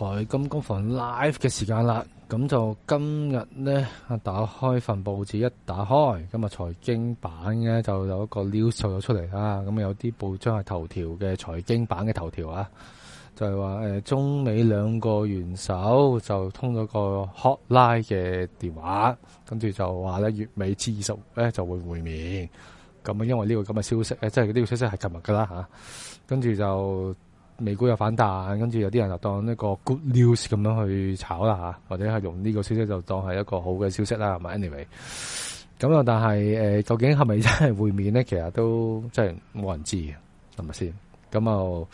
財金工房 live 嘅時間啦，咁就今日咧，打開份報紙一打開，今日財經版嘅就有一個 news 出咗出嚟啊，咁有啲報章係頭條嘅財經版嘅頭條啊，就係話誒中美兩個元首就通咗個 hotline 嘅電話，跟住就話咧月尾 G20 咧就會會面，咁啊，因為呢個咁嘅消息咧，即係呢個消息係琴日噶啦嚇，跟住就是。美股又反彈，跟住有啲人就當一個 good news 咁樣去炒啦嚇，或者係用呢個消息就當係一個好嘅消息啦，係咪？Anyway，咁啊，但係、呃、究竟係咪真係會面呢？其實都真係冇人知嘅，係咪先？咁啊，呢、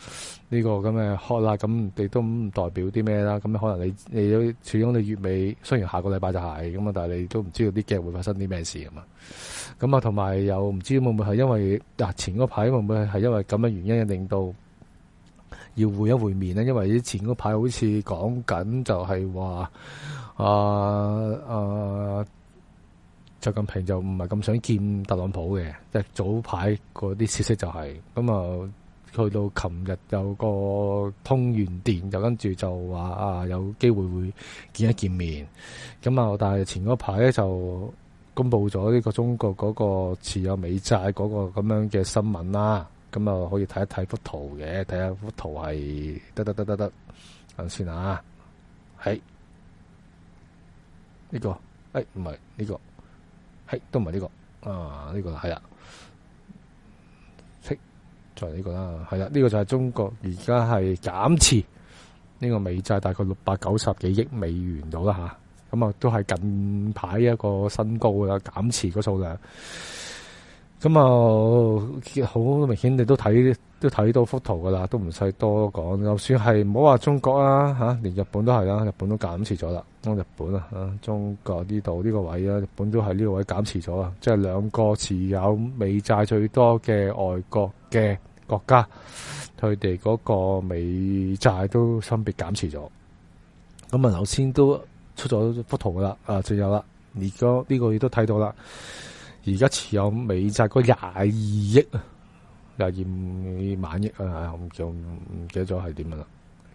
呃這個咁嘅 cut 啦，咁你都唔代表啲咩啦？咁可能你你都始終你月尾，雖然下個禮拜就係咁啊，但係你都唔知道啲嘅會發生啲咩事啊嘛。咁啊，同埋又唔知會唔會係因為嗱前嗰排會唔會係因為咁嘅原因令到要會一會面咧，因為啲前嗰排好似講緊就係話啊啊習近平就唔係咁想見特朗普嘅，即係早排嗰啲消息就係咁啊。去到琴日有個通完電，就跟住就話啊有機會會見一見面。咁啊，但係前嗰排咧就公佈咗呢個中國嗰個持有美債嗰個咁樣嘅新聞啦。咁啊，可以睇一睇幅圖嘅，睇下幅圖係得得得得得，等先啊，係呢個，誒唔係呢個，係、哎、都唔係呢個，啊呢個係啦，係呢個啦，係啦，呢個就係中國而家係減持呢個美債大概六百九十幾億美元到啦吓，咁啊都係近排一個新高啦，減持個數量。咁啊，好、哦、明顯你都睇，都睇到幅圖噶啦，都唔使多講。就算係唔好話中國啦，吓，連日本都係啦，日本都減持咗啦。日本啊，吓，中國呢度呢個位啊，日本都係呢個位減持咗啦。即係兩個持有美債最多嘅外國嘅國家，佢哋嗰個美債都分別減持咗。咁啊，頭先都出咗幅圖噶啦，啊，就有啦。而家呢個亦、這個、都睇到啦。而家持有美債嗰廿二億啊，廿二萬億啊，唔就唔記得咗係點樣啦。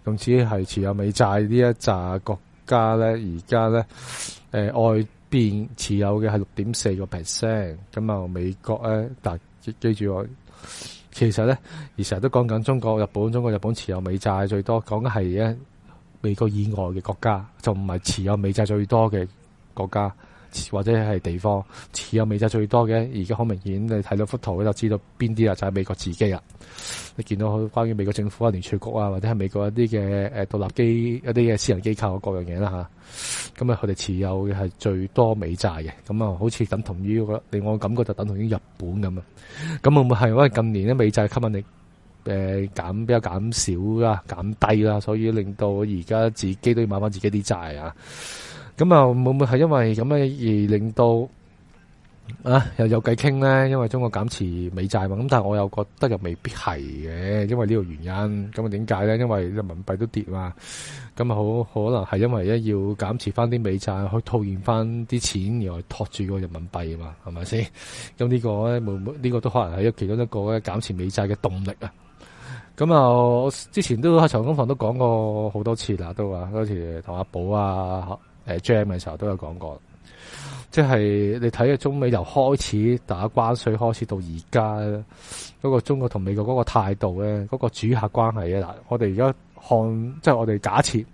咁至於係持有美債呢一紮國家咧，而家咧，誒、呃、外邊持有嘅係六點四個 percent。咁、嗯、啊，美國咧，但記，記住，我，其實咧，而成日都講緊中國、日本，中國、日本持有美債最多。講緊係咧，美國以外嘅國家，就唔係持有美債最多嘅國家。或者係地方持有美債最多嘅，而家好明顯你睇到幅圖就知道邊啲啊，就係、是、美國自己啦。你見到關於美國政府啊、聯儲局啊，或者係美國一啲嘅誒獨立機一啲嘅私人機構各樣嘢啦吓，咁啊佢哋持有嘅係最多美債嘅，咁啊好似等同於我令我感覺就等同於日本咁啊。咁會唔會係因為近年咧美債吸引力誒減、呃、比較減少啦、減、啊、低啦，所以令到而家自己都要買翻自己啲債啊？咁啊，會唔會係因為咁嘅而令到啊又有計傾咧？因為中國減持美債嘛，咁但係我又覺得又未必係嘅，因為呢個原因。咁啊，點解咧？因為人民幣都跌嘛，咁啊，好可能係因為要減持翻啲美債去套現翻啲錢，而去托住個人民幣啊嘛，係咪先？咁呢個咧，會唔會呢個都可能係有其中一個咧，減持美債嘅動力啊。咁啊，我之前都喺財金工房都講過好多次啦，都話嗰時同阿寶啊，誒 jam 嘅時候都有講過，即係你睇嘅中美由開始打關稅開始到而家嗰個中國同美國嗰個態度咧，嗰個主客關係咧，嗱，我哋而家看，即係我哋假設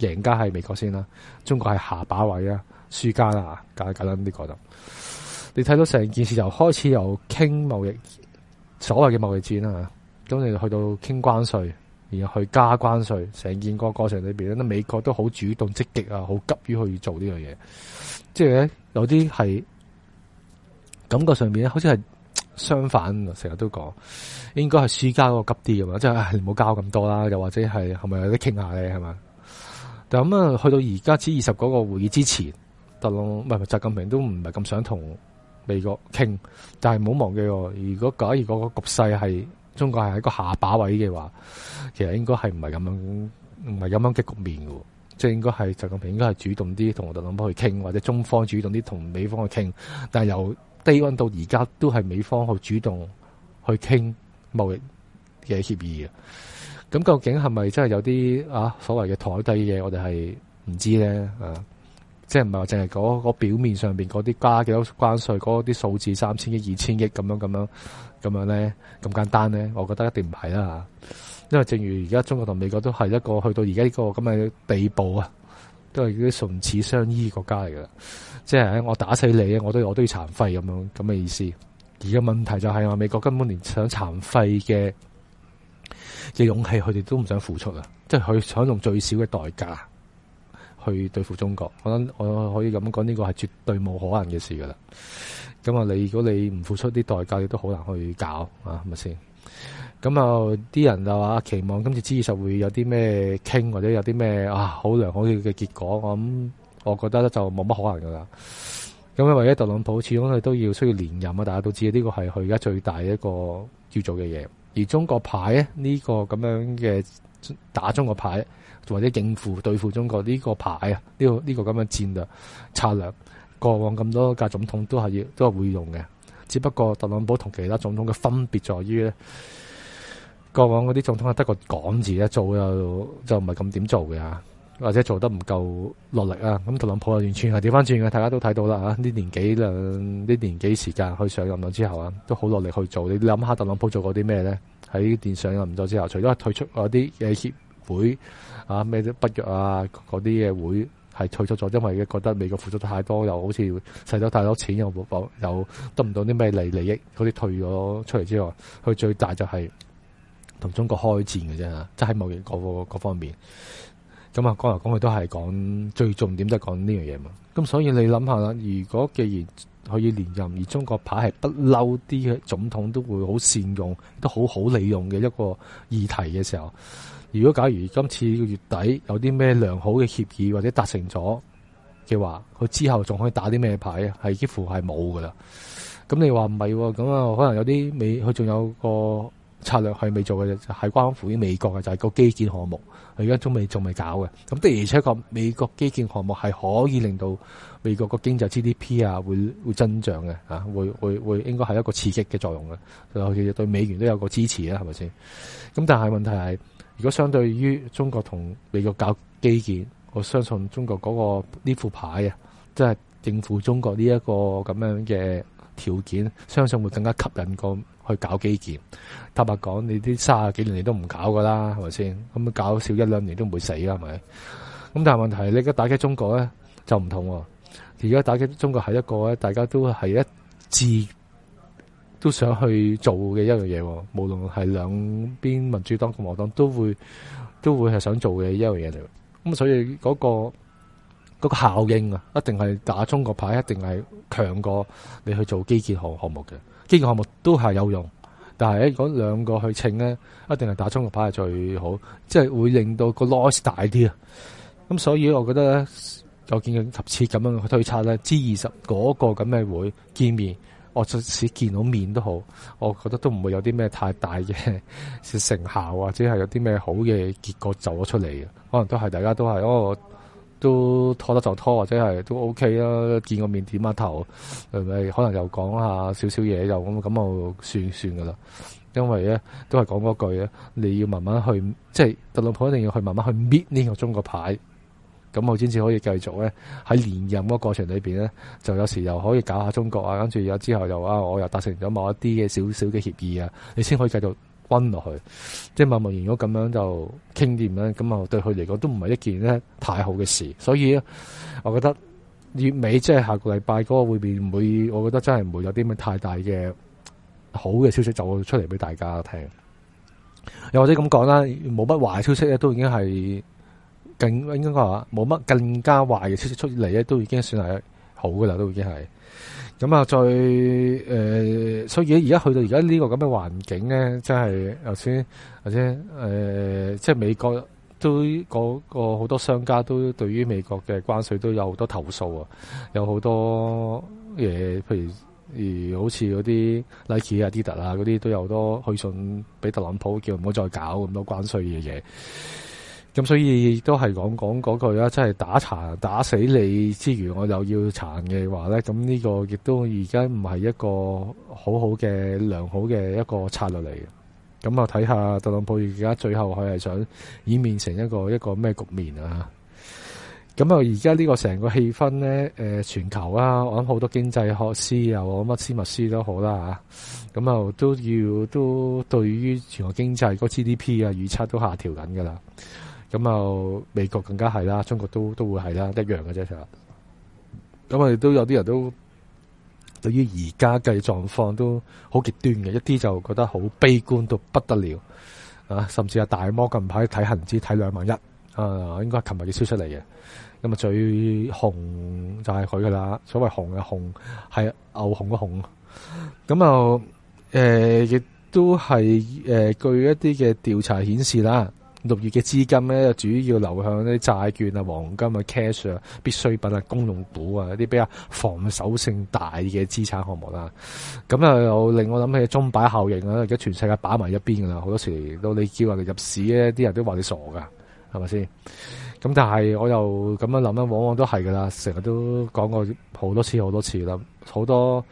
贏家係美國先啦，中國係下把位啊，輸家啦，簡簡單啲呢個就，你睇到成件事由開始由傾貿易，所謂嘅貿易戰啦，咁你去到傾關稅。然後去加關稅，成件個過程裏邊咧，美國都好主動積極啊，好急於去做呢樣嘢。即係咧，有啲係感覺上邊咧，好似係相反。成日都講應該係輸家嗰個急啲咁嘛，即係唔好交咁多啦。又或者係係咪有啲傾下咧？係嘛。但咁啊，去到而家至二十嗰個會議之前，特朗普唔係習近平都唔係咁想同美國傾，但係唔好忘記，如果假如嗰個局勢係。中國係一個下把位嘅話，其實應該係唔係咁樣，唔係咁樣嘅局面嘅，即係應該係習近平應該係主動啲同我哋諗去傾，或者中方主動啲同美方去傾。但係由低温到而家都係美方去主動去傾貿易嘅協議嘅。咁究竟係咪真係有啲啊所謂嘅台底嘅？我哋係唔知咧啊，即係唔係話淨係嗰嗰表面上邊嗰啲加幾多關稅嗰啲數字三千億二千億咁樣咁樣。這樣咁樣咧，咁簡單咧，我覺得一定唔係啦吓，因為正如而家中國同美國都係一個去到而家呢個咁嘅地步啊，都係啲唇齒相依國家嚟噶啦，即係我打死你啊，我都要我都要殘廢咁樣咁嘅意思。而家問題就係話啊，美國根本連想殘廢嘅嘅勇氣，佢哋都唔想付出啊，即係佢想用最少嘅代價去對付中國。我諗我可以咁講，呢個係絕對冇可能嘅事噶啦。咁啊！你如果你唔付出啲代價，你都好難去搞啊，係咪先？咁啊，啲人就話期望今次 G20 會有啲咩傾，或者有啲咩啊好良好嘅結果。咁我諗，我覺得就冇乜可能噶啦。咁因為咧，特朗普始終佢都要需要連任啊，大家都知呢個係佢而家最大一個要做嘅嘢。而中國牌咧，呢個咁樣嘅打中國牌，或者應付對付中國呢個牌啊，呢個呢個咁嘅戰略策略。過往咁多屆總統都係要都係會用嘅，只不過特朗普同其他總統嘅分別在於咧，過往嗰啲總統係得個講字，一做就就唔係咁點做嘅，或者做得唔夠落力啊。咁特朗普完全係調翻轉嘅，大家都睇到啦吓，呢年幾兩呢年幾時間，去上任咗之後啊，都好落力去做。你諗下特朗普做過啲咩咧？喺電上任咗之後，除咗係退出嗰啲嘅協會啊，咩北約啊嗰啲嘢會。係退出咗，因為覺得美國，付出太多，又好似使咗太多錢，又冇有得唔到啲咩利利益，嗰啲退咗出嚟之外，佢最大就係同中國開戰嘅啫，即係貿易嗰個方面。咁啊，講嚟講去都係講最重點，都係講呢樣嘢嘛。咁所以你諗下啦，如果既然可以連任，而中國派係不嬲啲嘅總統都會好善用，都好好利用嘅一個議題嘅時候。如果假如今次個月底有啲咩良好嘅協議或者達成咗嘅話，佢之後仲可以打啲咩牌啊？係幾乎係冇噶啦。咁你話唔係咁啊？可能有啲美佢仲有個策略係未做嘅，就係關乎於美國嘅，就係個基建項目，佢而家都未仲未搞嘅。咁的而且確美國基建項目係可以令到美國個經濟 GDP 啊會會增長嘅嚇，會會會應該係一個刺激嘅作用嘅，所以對美元都有個支持啦，係咪先？咁但係問題係。如果相對於中國同美國搞基建，我相信中國嗰、那個呢副牌啊，即係政府中國呢一個咁樣嘅條件，相信會更加吸引過去搞基建。坦白講，你啲三十幾年你都唔搞噶啦，係咪先？咁搞少一兩年都唔會死啦，係咪？咁但係問題係你而家打擊中國咧，就唔同喎。而家打擊中國係一個咧，大家都係一致，都想去做嘅一樣嘢，無論係兩邊民主黨、共和黨，都會都會係想做嘅一樣嘢嚟。咁所以嗰、個、嗰個效應啊，一定係打中國牌，一定係強過你去做基建項項目嘅。基建項目都係有用，但係喺嗰兩個去稱咧，一定係打中國牌係最好，即係會令到個 loss 大啲啊。咁所以我覺得咧，我見緊十次咁樣去推測咧，G 二十嗰個咁嘅會見面。我即使見到面都好，我覺得都唔會有啲咩太大嘅成效，或者係有啲咩好嘅結果走咗出嚟嘅，可能都係大家都係，我、哦、都拖得就拖，或者係都 OK 啦、啊。見個面點下頭，係咪可能又講下少少嘢又咁咁就算算噶啦？因為咧都係講嗰句你要慢慢去，即係特朗普一定要去慢慢去搣呢個中國牌。咁我先至可以繼續咧喺連任嗰過程裏面咧，就有時又可以搞下中國啊，跟住有之後又啊我又達成咗某一啲嘅小小嘅協議啊，你先可以繼續温落去。即係默默然，如果咁樣就傾掂咧，咁啊對佢嚟講都唔係一件咧太好嘅事。所以我覺得月尾即係、就是、下個禮拜嗰個會面，唔會，我覺得真係唔會有啲乜太大嘅好嘅消息走出嚟俾大家聽。又或者咁講啦，冇乜壞消息咧，都已經係。更應該話冇乜更加壞嘅消息出嚟咧，都已經算係好噶啦，都已經係。咁啊，再誒、呃，所以而家去到而家呢個咁嘅環境咧，真係頭先頭先誒，即係美國都嗰個好多商家都對於美國嘅關稅都有好多投訴啊，有好多嘢，譬如而好似嗰啲 Nike 啊、Adidas 啊嗰啲都有好多去信俾特朗普，叫唔好再搞咁多關稅嘅嘢。咁所以亦都係講講嗰句啦，真係打殘打死你之餘，我又要殘嘅話咧，咁呢個亦都而家唔係一個好好嘅良好嘅一個策略嚟嘅。咁啊睇下特朗普而家最後佢係想演變成一個一個咩局面啊？咁啊而家呢個成個氣氛咧，誒、呃、全球啊，我諗好多經濟學師啊，我乜斯密斯都好啦吓，咁啊都要都對於全球經濟個 GDP 啊預測都下調緊噶啦。咁啊，美國更加係啦，中國都都會係啦，一樣嘅啫。其實，咁我哋都有啲人都對於而家嘅狀況都好極端嘅，一啲就覺得好悲觀到不得了啊！甚至係大摩近排睇恒指睇兩萬一啊，應該係琴日嘅消息嚟嘅。咁啊，最紅就係佢噶啦，所謂紅嘅紅係牛熊嘅熊。咁啊，誒亦、呃、都係誒、呃、據一啲嘅調查顯示啦。六月嘅資金咧，主要流向啲債券啊、黃金啊、cash 啊、必需品啊、公用股啊，一啲比較防守性大嘅資產項目啦。咁啊，又令我諗起中擺效應啦。而家全世界擺埋一邊噶啦，好多時到你叫人哋入市咧，啲人都話你傻噶，係咪先？咁但係我又咁樣諗啊，往往都係噶啦，成日都講過好多次好多次啦。好多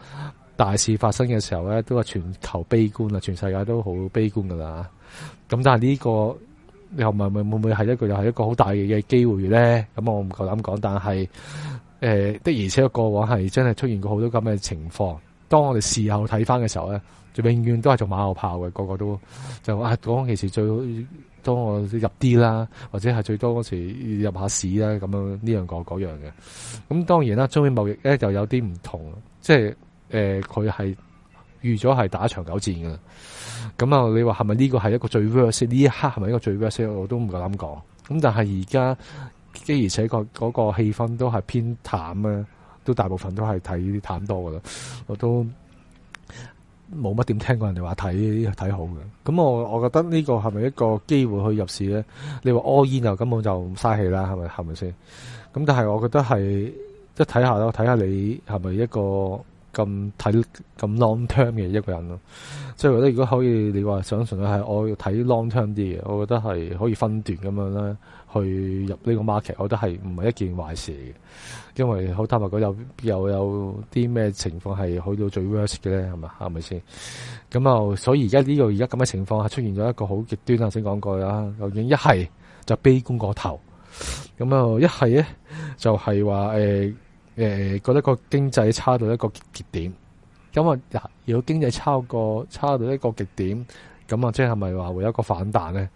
大事發生嘅時候咧，都係全球悲觀啊，全世界都好悲觀噶啦。咁但係呢個。你後咪咪會唔會係一個又係一個好大嘅機會咧？咁我唔夠膽講，但係誒、呃、的而且確，過往係真係出現過好多咁嘅情況。當我哋事後睇翻嘅時候咧，就永遠都係做馬後炮嘅，個個都就啊講。其實最多我入啲啦，或者係最多嗰時入下市啦，咁樣呢樣個嗰樣嘅。咁當然啦，中美貿易咧就有啲唔同，即係誒佢係預咗係打長久戰啦咁、嗯、啊，你話係咪呢個係一個最 worst，呢一刻係咪一個最 worst？我都唔夠膽講。咁但係而家，既而且、個嗰、個氣氛都係偏淡嘅，都大部分都係睇淡多噶啦。我都冇乜點聽過人哋話睇睇好嘅。咁、嗯、我我覺得呢個係咪一個機會去入市咧？你話 all in 又根本就唔嘥氣啦，係咪係咪先？咁、嗯、但係我覺得係即睇下啦，睇下你係咪一個。咁睇咁 long term 嘅一個人咯，即係我覺得如果可以，你話想純粹係我要睇 long term 啲嘅，我覺得係可以分段咁樣啦，去入呢個 market，我覺得係唔係一件壞事嘅，因為好坦白講，有又有啲咩情況係去到最 worst 嘅咧，係嘛，係咪先？咁啊，所以而家呢個而家咁嘅情況係出現咗一個好極端。頭先講過啦，究竟一係就悲觀過頭，咁啊一係咧就係話誒誒，覺得個經濟差到一個極點，咁啊，如果經濟差過差到一個極點，咁啊，即係咪話會有一個反彈咧？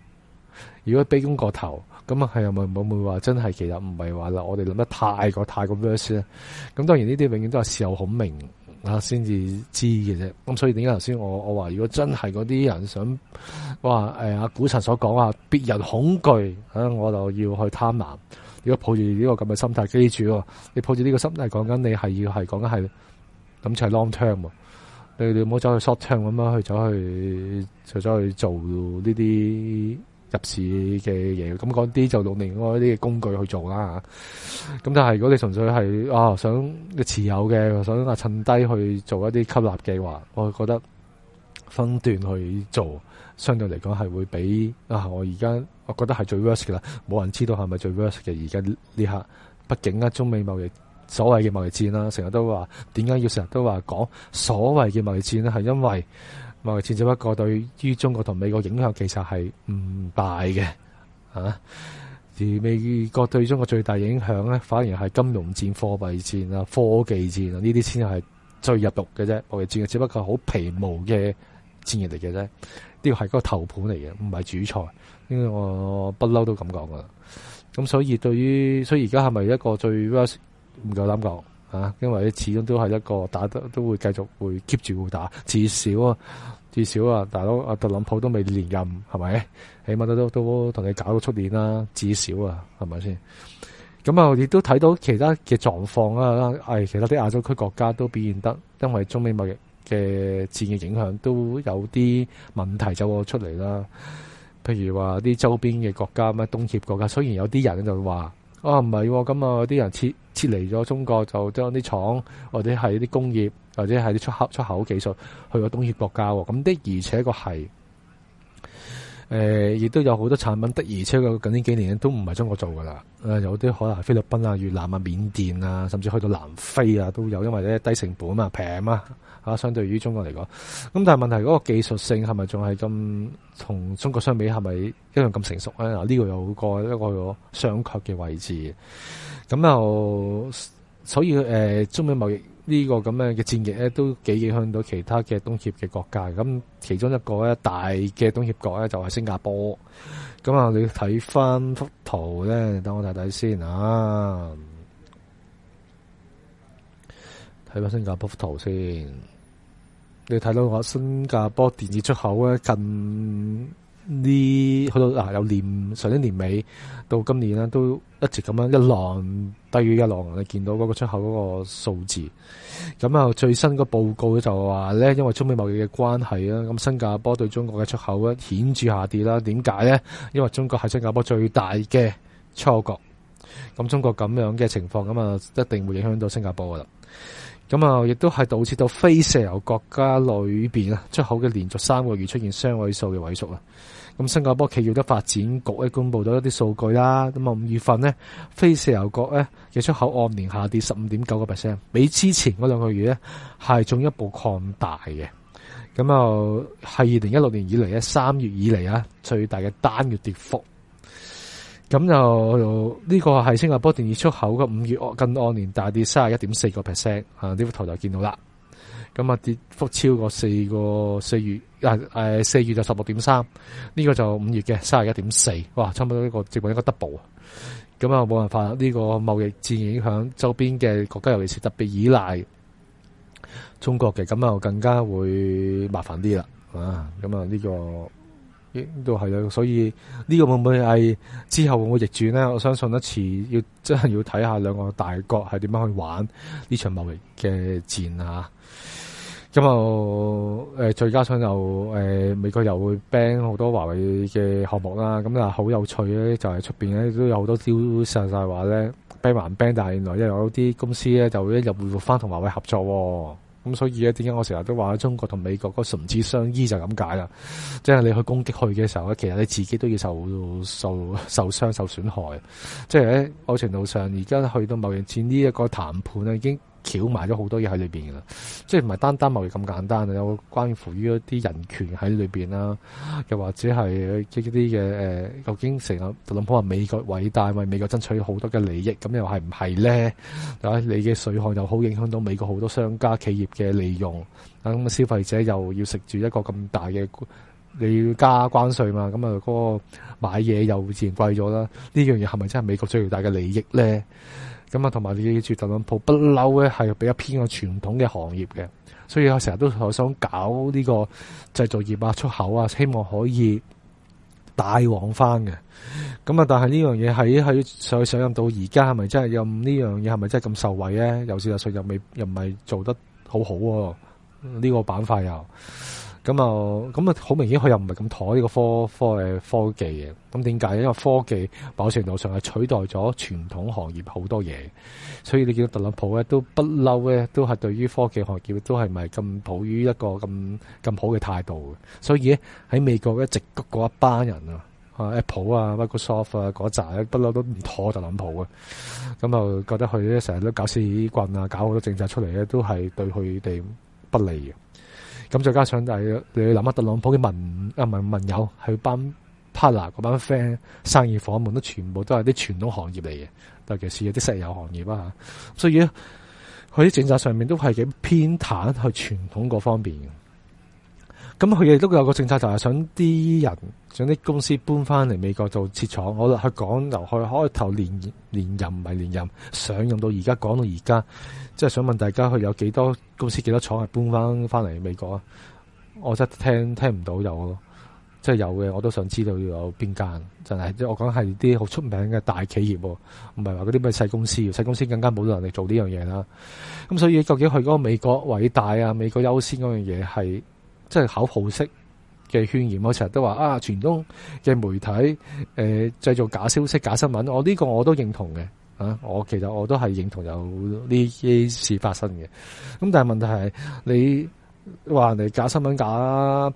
如果悲觀過頭，咁啊，係咪會唔會話真係？其實唔係話啦，我哋諗得太過太過 vers 咧。咁當然呢啲永遠都係事後孔明啊，先至知嘅啫。咁所以點解頭先我我話，如果真係嗰啲人想話誒，阿、呃、股神所講啊，別人恐懼，啊我就要去貪婪。如果抱住呢個咁嘅心態，記住，你抱住呢個心態講緊，你係要係講緊係，咁就係 long term。你你唔好走去 short term 咁樣去走去除咗去做呢啲入市嘅嘢，咁講啲就用另外一啲嘅工具去做啦。咁但係如果你純粹係啊、哦、想持有嘅，想啊趁低去做一啲吸納計劃，我覺得分段去做。相對嚟講係會比啊，我而家我覺得係最 worst 嘅啦。冇人知道係咪最 worst 嘅而家呢下。畢竟咧，中美貿易所謂嘅貿易戰啦、啊，成日都話點解要成日都話講所謂嘅貿易戰呢？係因為貿易戰只不過對於中國同美國影響其實係唔大嘅啊。而美國對中國最大影響咧，反而係金融戰、貨幣戰啊、科技戰啊呢啲先係最入肉嘅啫。貿易戰只不過係好皮毛嘅戰役嚟嘅啫。呢個係個頭盤嚟嘅，唔係主菜，呢個我不嬲都咁講噶啦。咁所以對於，所以而家係咪一個最唔夠膽講啊？因為始終都係一個打得都會繼續會 keep 住會打，至少啊，至少啊，大佬阿特朗普都未連任，係咪？起碼都都都同你搞到出年啦，啊，至少啊，係咪先？咁啊，亦都睇到其他嘅狀況啦。唉，哎，其他啲亞洲區國家都表現得，因為中美貿易。嘅戰嘅影響都有啲問題就出嚟啦，譬如話啲周邊嘅國家咩，東協國家，雖然有啲人就話，啊，唔係咁啊，啲人撤撤離咗中國，就將啲廠或者係啲工業或者係啲出口出口技術去咗東協國家喎，咁的而且確係。誒，亦都有好多產品，的而且確，近呢幾年都唔係中國做噶啦。誒，有啲可能係菲律賓啊、越南啊、緬甸啊，甚至去到南非啊都有，因為咧低成本啊、平啊，嘛，相對於中國嚟講。咁但係問題，嗰個技術性係咪仲係咁，同中國相比係咪一樣咁成熟咧？啊，呢個有個一個商榷嘅位置。咁又所以誒、呃，中美貿易。呢、這個咁樣嘅戰役咧，都幾影響到其他嘅東協嘅國家。咁其中一個咧大嘅東協國咧，就係新加坡。咁啊，你睇翻幅圖咧，等我睇睇先啊。睇翻新加坡幅圖先，你睇到我新加坡電子出口咧近。呢去到嗱，有年上年年尾到今年啦，都一直咁樣，一浪低於一浪你。你見到嗰個出口嗰個數字咁啊？最新個報告就話咧，因為中美貿易嘅關係啦，咁新加坡對中國嘅出口咧顯著下跌啦。點解咧？因為中國係新加坡最大嘅出口國。咁中國咁樣嘅情況，咁啊一定會影響到新加坡噶啦。咁啊，亦都係導致到非石油國家裏面啊出口嘅連續三個月出現雙位數嘅萎縮啊！咁新加坡企業的發展局咧公布咗一啲數據啦，咁啊五月份呢，非石油國咧嘅出口按年下跌十五點九個 percent，比之前嗰兩個月呢係進一步擴大嘅，咁啊係二零一六年以嚟呢，三月以嚟啊最大嘅單月跌幅，咁就呢、這個係新加坡電子出口嘅五月按更按年大跌卅一點四個 percent，啊呢幅圖就見到啦。咁啊跌幅超過四個四月，啊、哎、四月就十六點三，呢個就五月嘅三十一點四，哇，差唔多一、呢個接近一個 double 啊！咁啊冇辦法，呢、呢個貿易戰影響周邊嘅國家，尤其是特別依賴中國嘅，咁啊更加會麻煩啲啦啊！咁啊呢個亦都係啦所以呢、呢個會唔會係之後會唔會逆轉呢？我相信一次要真係要睇下兩個大國係點樣去玩呢場貿易嘅戰啊！咁、嗯、啊，最再加上又美國又會 ban 好多華為嘅項目啦。咁啊，好有趣咧，就係出面咧都有好多消息，就係話咧 ban 還 ban，但係原來又有啲公司咧就一入回復翻同華為合作。咁所以咧，點解我成日都話中國同美國純個唇齒相依就咁解啦？即係你去攻擊佢嘅時候咧，其實你自己都要受受受傷、受損害。即係呢，某程度上而家去到貿易戰呢一個談判啊，已經，撬埋咗好多嘢喺裏邊噶啦，即係唔係單單貿易咁簡單啊？有關乎於一啲人權喺裏邊啦，又或者係一啲嘅，誒，究竟成日特朗普話美國偉大，為美國爭取好多嘅利益，咁又係唔係咧？你嘅稅項又好影響到美國好多商家企業嘅利用，咁消費者又要食住一個咁大嘅你要加關稅嘛？咁啊，嗰個買嘢又自然貴咗啦。呢樣嘢係咪真係美國最大嘅利益咧？咁啊，同埋你記住特朗普不嬲咧，係比較偏向傳統嘅行業嘅，所以我成日都想搞呢個製造業啊，出口啊，希望可以帶往翻嘅。咁啊，但係呢樣嘢喺喺上上任到而家，係咪真係任呢樣嘢係咪真係咁受惠咧？事實又是又未又唔係做得好好、啊、喎，呢、呢個板塊又。咁、嗯、啊，咁啊，好明顯佢又唔係咁妥呢個科科誒科技嘅。咁點解？因為科技某程度上係取代咗傳統行業好多嘢，所以你見到特朗普咧都不嬲咧，都係對於科技行業都係咪咁抱於一個咁咁好嘅態度嘅。所以喺美國一直谷嗰一班人啊，Apple 啊、Microsoft 啊嗰扎，不嬲都唔妥特朗普啊。咁啊，覺得佢咧成日都搞屎棍啊，搞好多政策出嚟咧，都係對佢哋不利嘅。咁再加上就係你諗下特朗普嘅民啊民民友，佢班 partner 嗰班 friend 生意夥伴都全部都係啲傳統行業嚟嘅，尤其是有啲石油行業啊吓，所以佢啲政策上面都係幾偏袒去傳統各方面嘅。咁佢亦都有個政策，就係想啲人想啲公司搬翻嚟美國做設廠。我去講由去開頭連連任唔係連任上任到而家講到而家，即係想問大家，佢有幾多公司幾多廠係搬翻翻嚟美國啊？我真聽聽唔到有咯，即係有嘅，我都想知道有邊間真係，即係我講係啲好出名嘅大企業，唔係話嗰啲咩細公司，細公司更加冇能力做呢樣嘢啦。咁所以究竟佢嗰個美國偉大啊，美國優先嗰樣嘢係？即係口號式嘅宣言，我成日都話啊，傳統嘅媒體誒製、呃、造假消息、假新聞，我呢個我都認同嘅啊。我其實我都係認同有呢啲事發生嘅。咁但係問題係你話人哋假新聞、假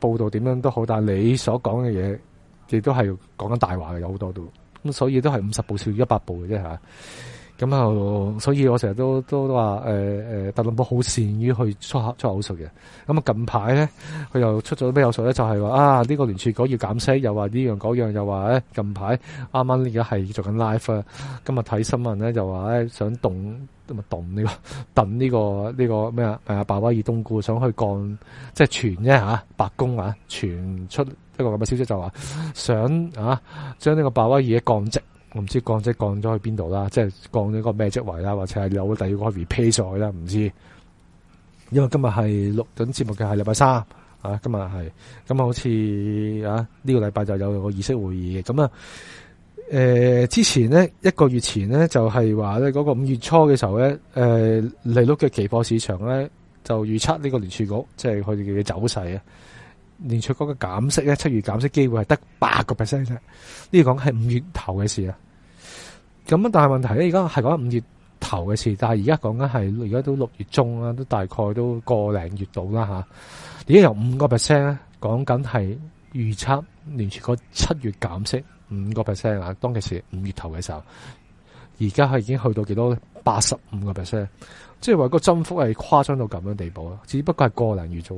報道點樣都好，但係你所講嘅嘢亦都係講緊大話嘅，有好多都咁，所以都係五十步笑一百步嘅啫吓。啊咁、嗯、啊、嗯，所以我成日都都都話，誒、呃、誒，特朗普好善於去出口出口術嘅。咁、就是、啊，近排咧，佢又出咗啲咩口術咧？就係話啊，呢個聯儲局要減息，又話呢樣嗰樣，又話咧近排啱啱呢個係做緊 live，啊。今日睇新聞咧就話咧想動，今日動呢、這個等呢、這個呢、這個咩啊？誒，鮑威爾冬菇想去降，即係傳啫吓，白宮啊，傳出一個咁嘅消息就話想啊，將呢個鮑威爾降值。我唔知降即係降咗去邊度啦，即係降咗個咩職位啦，或者係有第二個 r e p a y 上去啦，唔知。因為今日係錄緊節目嘅係禮拜三啊，今日係，今日好似啊呢個禮拜就有個議息會議嘅，咁啊，誒、呃、之前呢一個月前呢就係話咧嗰個五月初嘅時候咧，誒、呃、利率嘅期貨市場咧就預測呢個聯儲局即係佢哋嘅走勢啊。聯儲局嘅減息咧，七月減息機會係得八個 percent 啫，呢講係五月頭嘅事啊。咁但係問題咧，而家係講五月頭嘅事，但係而家講緊係而家都六月中啦，都大概都個零月度啦吓。已經由五個 percent 講緊係預測聯儲局七月減息五個 percent 啊，當其時五月頭嘅時候，而家係已經去到幾多咧？八十五個 percent，即係話個增幅係誇張到咁樣的地步啊！只不過係個零月啫。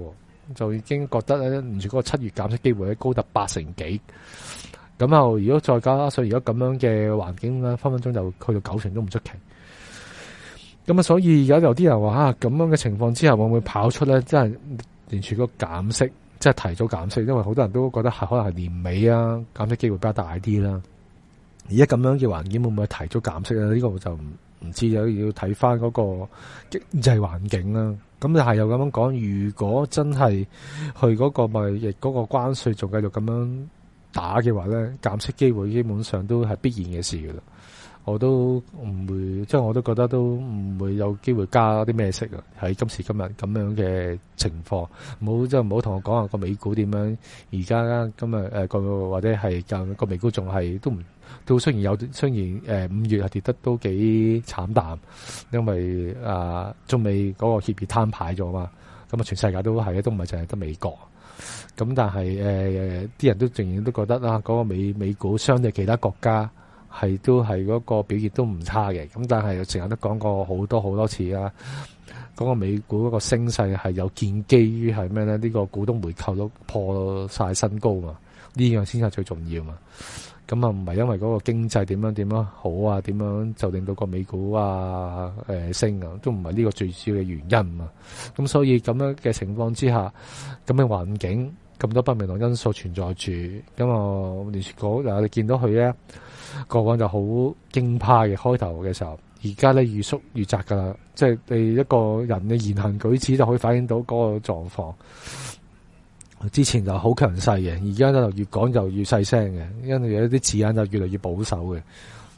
就已經覺得咧，連住嗰個七月減息機會咧，高達八成幾，咁後如果再加，所以如果咁樣嘅環境咧，分分鐘就去到九成都唔出奇。咁啊，所以而家有有啲人話啊，咁樣嘅情況之下，會唔會跑出咧？即係連住個減息，即係提早減息，因為好多人都覺得係可能係年尾啊，減息機會比較大啲啦。而家咁樣嘅環境會唔會提早減息咧？呢個就唔。唔知要要睇返嗰個經濟環境啦，咁但係又咁樣講，如果真係去嗰個貿易嗰個關稅仲繼續咁樣打嘅話呢，減息機會基本上都係必然嘅事噶啦。我都唔會，即係我都覺得都唔會有機會加啲咩息啊！喺今時今日咁樣嘅情況，冇即係冇同我講下個美股點樣？而家啦，今日誒個或者係個美股仲係都唔都雖然有，雖然誒五月係跌得都幾慘淡，因為啊中美嗰個協議攤牌咗啊嘛，咁啊全世界都係咧，都唔係淨係得美國。咁但係誒啲人都仍然都覺得啦，嗰個美美股相對其他國家，係都係嗰個表現都唔差嘅，咁但係成日都講過好多好多次啦。嗰個美股嗰個升勢係有建基於係咩咧？呢、這個股東回購率破晒新高啊，呢樣先係最重要嘛。咁啊，唔係因為嗰個經濟點樣點樣好啊，點樣就令到個美股啊誒、呃、升啊，都唔係呢個最主要嘅原因啊。咁所以咁樣嘅情況之下，咁嘅環境咁多不明朗因素存在住，咁我聯儲局嗱，我、呃、見到佢咧。個個就好驚怕嘅開頭嘅時候，而家咧越縮越窄噶啦，即係你一個人嘅言行舉止就可以反映到嗰個狀況。之前就好強勢嘅，而家咧就越講就越細聲嘅，因為有一啲字眼就越嚟越保守嘅，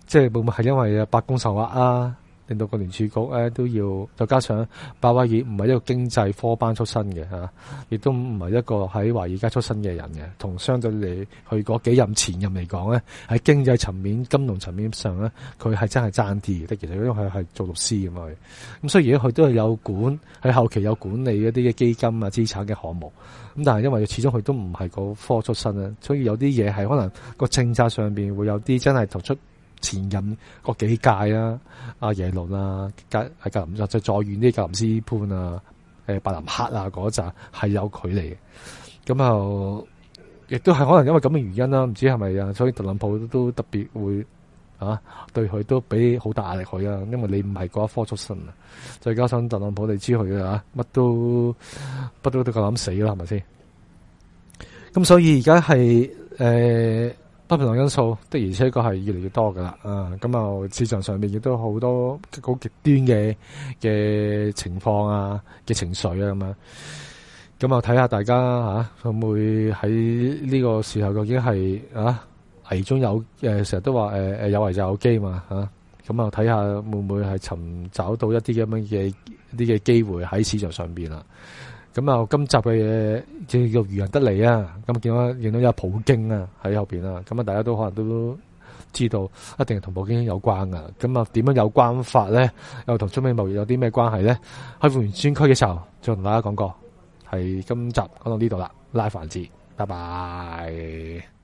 即係會唔會係因為白宮受壓啊？令到個聯儲局咧都要，就加上鮑威爾唔係一個經濟科班出身嘅嚇，亦都唔係一個喺華爾街出身嘅人嘅。同相對你佢嗰幾任前任嚟講咧，喺經濟層面、金融層面上咧，佢係真係爭啲嘅。其實因為佢係做律師咁樣，咁所以而家佢都係有管喺後期有管理一啲嘅基金啊、資產嘅項目。咁但係因為始終佢都唔係嗰科出身啊，所以有啲嘢係可能個政策上邊會有啲真係突出。前任嗰幾屆啊，阿耶倫啊，加阿格林，或者再遠啲格林斯潘啊，誒，伯林克啊，嗰陣係有距離，咁啊，亦都係可能因為咁嘅原因啦，唔知係咪啊，所以特朗普都特別會啊，對佢都俾好大壓力佢啊，因為你唔係嗰一科出身啊，再加上特朗普你知佢啊，乜都，乜都不都都夠膽死啦，係咪先？咁所以而家係誒。呃不平衡因素的而且確係越嚟越多噶啦，啊，咁啊市場上面亦都好多好極端嘅嘅情況啊，嘅情緒啊咁樣，咁啊睇下、啊、大家吓、啊、會唔會喺呢個時候究竟係啊危中有誒，成、啊、日都話誒誒有危就有機嘛吓，咁啊睇下、啊啊啊、會唔會係尋找到一啲咁樣嘅啲嘅機會喺市場上邊啦。咁啊，今集嘅嘢即係叫漁人得利啊！咁見到見到有普京啊喺後邊啊，咁啊，大家都可能都知道，一定係同普京有關噶。咁啊，點樣有關法咧？又同中美貿易有啲咩關係咧？開富完專區嘅時候，就同大家講過，係今集講到呢度啦。拉凡子，拜拜。